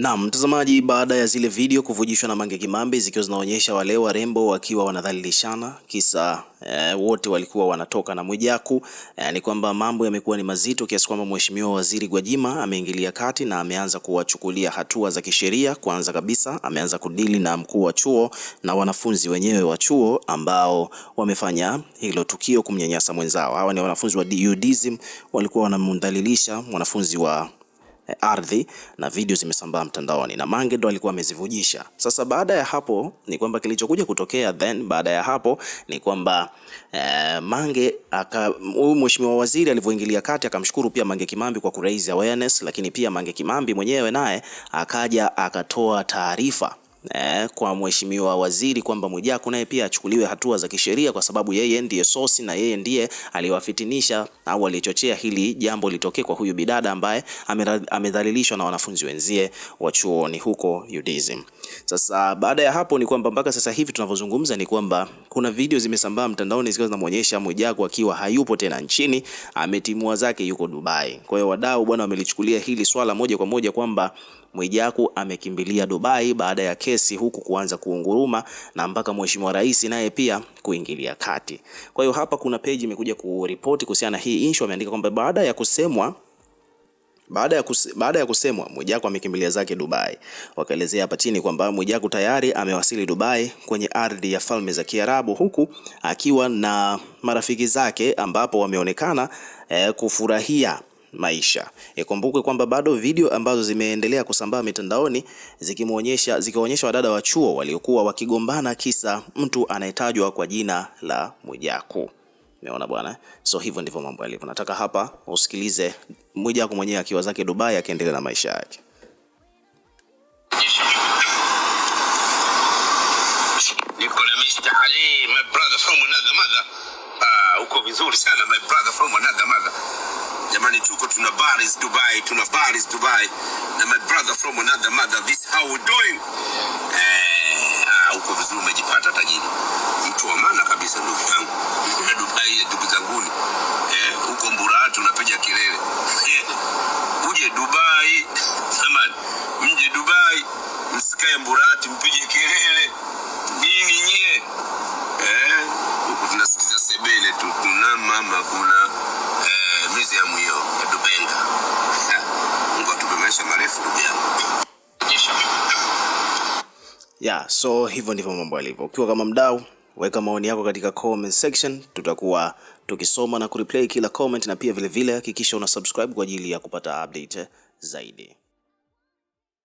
Na mtazamaji, baada ya zile video kuvujishwa na Mange Kimambi zikiwa zinaonyesha wale warembo wakiwa wanadhalilishana kisa e, wote walikuwa wanatoka na Mwijaku e, ni kwamba mambo yamekuwa ni mazito kiasi kwamba Mheshimiwa Waziri Gwajima ameingilia kati na ameanza kuwachukulia hatua za kisheria. Kwanza kabisa ameanza kudili na mkuu wa chuo na wanafunzi wenyewe wa chuo ambao wamefanya hilo tukio kumnyanyasa mwenzao. Hawa ni wanafunzi wa DUDism walikuwa wanamdhalilisha wanafunzi wa ardhi na video zimesambaa mtandaoni na Mange ndo alikuwa amezivujisha. Sasa baada ya hapo ni kwamba kilichokuja kutokea then baada ya hapo ni kwamba eh, Mange huyu mheshimiwa waziri alivyoingilia kati akamshukuru pia Mange Kimambi kwa ku raise awareness, lakini pia Mange Kimambi mwenyewe naye akaja akatoa taarifa eh, kwa mheshimiwa waziri kwamba Mwijaku naye pia achukuliwe hatua za kisheria, kwa sababu yeye ndiye sosi na yeye ndiye aliwafitinisha au alichochea hili jambo litokee kwa huyu bidada ambaye amedhalilishwa na wanafunzi wenzie wa chuoni huko UDSM. Sasa baada ya hapo ni kwamba mpaka sasa hivi tunavyozungumza ni kwamba kuna video zimesambaa mtandaoni zikiwa zinamuonyesha Mwijaku akiwa hayupo tena nchini, ametimua zake, yuko Dubai. Kwa hiyo wadau bwana wamelichukulia hili swala moja kwa moja kwamba Mwijaku amekimbilia Dubai baada ya kesi huku kuanza kuunguruma na mpaka mheshimiwa rais naye pia kuingilia kati. Kwa hiyo hapa kuna page imekuja kuripoti kuhusiana na hii issue, ameandika kwamba baada ya kusemwa baada ya, kuse, baada ya kusemwa Mwijaku amekimbilia zake Dubai. Wakaelezea hapa chini kwamba Mwijaku tayari amewasili Dubai kwenye ardhi ya Falme za Kiarabu huku akiwa na marafiki zake ambapo wameonekana eh, kufurahia maisha. Ikumbukwe kwamba bado video ambazo zimeendelea kusambaa mitandaoni zikimuonyesha zikionyesha wadada wa chuo waliokuwa wakigombana kisa mtu anayetajwa kwa jina la Mwijaku. Umeona bwana, so hivyo ndivyo mambo yalivyo. Nataka hapa usikilize mmoja wako mwenyewe akiwa zake Dubai, akiendelea na maisha yake. Niko na Mr. Ali, my brother from another mother. Ah, uko vizuri sana my brother from another mother. Jamani, tuko tuna baris Dubai, tuna baris Dubai na my brother from another mother. This how we doing? Eh, ah, uko vizuri, umejipata tajiri, mtu wa maana kabisa ndugu yangu hiyo ndugu zanguni eh, huko eh, Mburatu unapiga kelele eh, uje Dubai samani, mje Dubai msikae mburati mpige kelele nini nyie eh, tunasikiza sebele tu tuna mama kuna eh, mizi ya mwio ya Dubenga ngo atupe maisha marefu ndugu yangu ya yeah, so hivyo ndivyo mambo yalivyo ukiwa kama mdau Weka maoni yako katika comment section, tutakuwa tukisoma na kureplay kila comment, na pia vilevile hakikisha vile una subscribe kwa ajili ya kupata update zaidi.